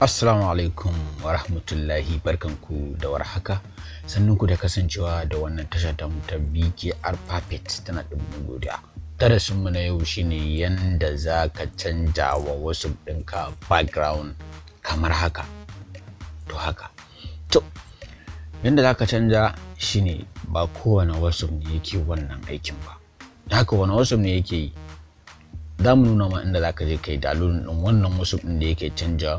Assalamu alaikum wa rahmatullahi barkanku da warhaka ku da kasancewa da wannan tasha ta ta BKR Perfect tana ɗumbin godiya. Darasinmu na yau shine yanda za ka canja wa wasu ɗinka background kamar haka. To haka. To, yanda za ka canja shine ba kowane wasu ne yake wannan aikin ba. Haka wani wasu ne yake yi. Za mu nuna ma inda za ka je kai dalilin wannan wasu ɗin da yake canja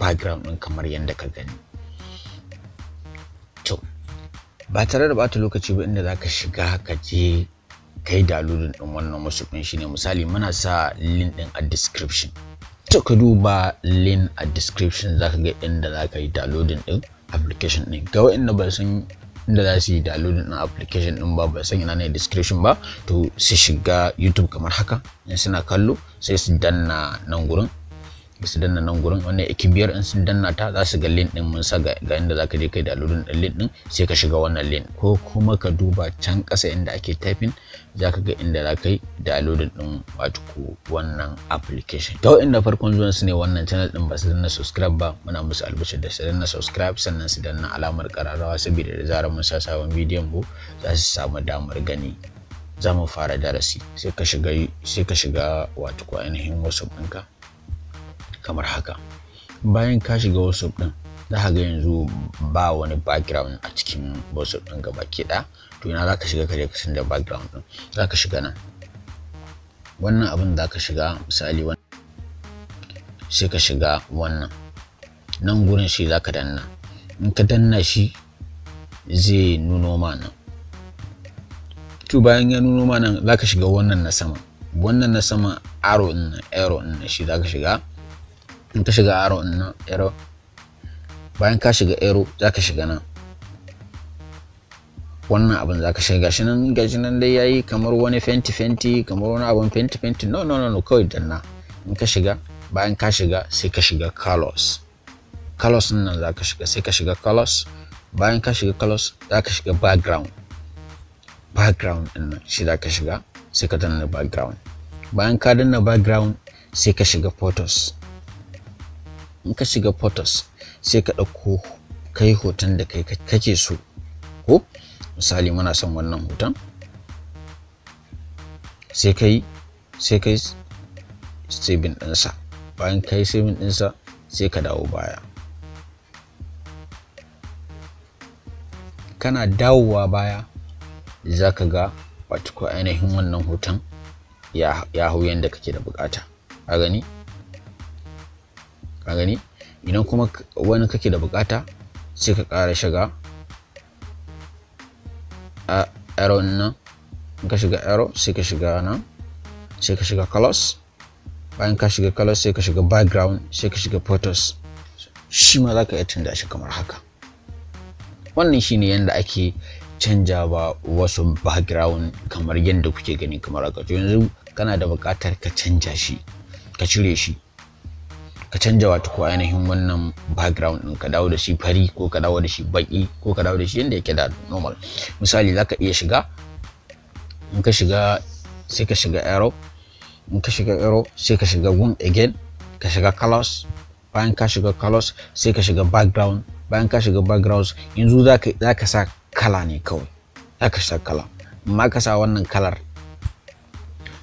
background ɗin kamar yadda ka gani to ba tare da bata lokaci ba inda za ka shiga ka je kai dalilin ɗin wannan wasu ɗin shine misali muna sa link ɗin a description to ka duba link a description za ka ga inda za ka yi dalolin ɗin application ɗin ga waɗanda ba san inda za su yi downloading ɗin application ɗin ba ba san ina ne description ba to su shiga youtube kamar haka in suna kallo sai su danna nan gurin ba danna nan gurin wannan ekibiyar in sun danna ta za su ga link din mun sa ga inda zaka je kai da aludun din link din sai ka shiga wannan link ko kuma ka duba can kasa inda ake typing zaka ga inda za kai da alodin din wato ko wannan application to inda farkon zuwan su ne wannan channel din ba su danna subscribe ba muna musu albishi da su danna subscribe sannan su danna alamar kararrawa saboda da zara mun sa sabon bidiyon mu za su samu damar gani za mu fara darasi sai ka shiga sai ka shiga wato ko ainihin wasu ɗinka kamar haka bayan ka shiga whatsapp din za ka ga yanzu ba wani background a cikin whatsapp din gaba baki da to ina za ka shiga kare ka da background din za ka shiga nan wannan abin za ka shiga misali wannan sai ka shiga wannan nan gurin shi za ka danna in ka danna shi zai nuno mana to bayan ya nuno mana za ka shiga wannan na sama wannan na sama arrow din arrow din shi za ka shiga in ka shiga arrow in nan arrow bayan ka shiga arrow za ka shiga nan wannan abin za ka shiga gashi nan gashi nan dai yayi kamar wani fenti fenti kamar wani abin fenti fenti no no no no kawai danna in ka shiga bayan ka shiga sai ka shiga colors colors nan za ka shiga sai ka shiga colors bayan ka shiga colors za ka shiga background background din nan shi za ka shiga sai ka danna background bayan ka danna background sai ka shiga photos in ka shiga photos sai ka ɗauko kai hoton da kai kake so ko misali muna son wannan hoton sai kai sai kai saving ɗinsa bayan kai saving ɗinsa sai ka dawo baya kana dawowa baya za ka ga wato ainihin wannan hoton ya hau yadda kake da bukata a gani ka gani idan kuma wani kake da bukata sai ka kara shiga a arrow nan ka shiga arrow sai ka shiga nan sai ka shiga colors bayan ka shiga colors sai ka shiga background sai ka shiga photos shi ma za ka iya canza shi kamar haka wannan shine yanda ake canja ba wasu background kamar yadda kuke gani kamar haka yanzu kana da bukatar ka canja shi ka cire shi ka canja wato ko ainihin wannan background ɗin ka dawo da shi fari ko ka dawo da shi baki ko ka dawo da shi yadda yake da normal misali zaka iya shiga in ka shiga sai ka shiga arrow in ka shiga arrow sai ka shiga gun again ka shiga colors bayan ka shiga colors sai ka shiga background bayan ka shiga backgrounds yanzu za ka sa kala ne kawai za ka sa kala amma ka sa wannan kalar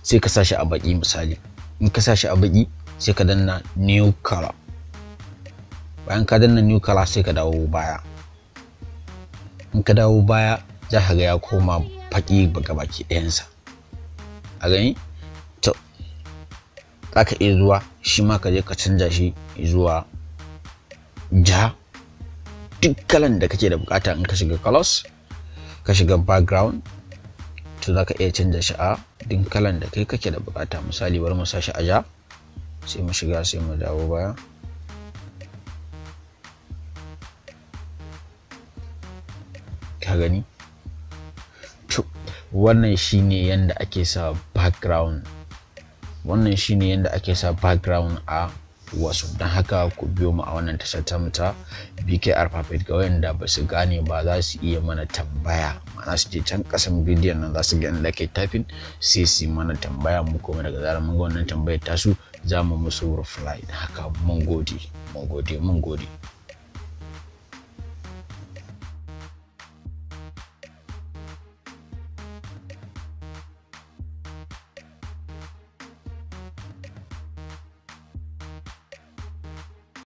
sai ka sa shi a baki misali in ka sa shi a baki sai ka danna new color bayan ka danna new color sai ka dawo baya in ka dawo baya za ka ga ya koma faƙi gabaki baki ɗayansa a gani to za ka iya zuwa shi ma ka je ka canza shi zuwa ja duk kalan da kake da bukata in ka shiga colors ka shiga background to za ka iya canza shi a duk kalan da kai kake da bukata misali bari mu sa shi a ja sai mu shiga sai mu dawo baya ka gani to wannan shine yanda ake sa background wannan shine yanda ake sa background a wasu don haka ku biyo mu a wannan tashar ta ta BKR Perfect ga wayanda ba su gane ba za su iya mana tambaya ma'ana su je can kasan bidiyon nan za su gani da ke tafin sai su mana tambaya mu kuma daga zarar mun ga wannan tambayar tasu za mu musu reply don haka mun gode mun gode mun gode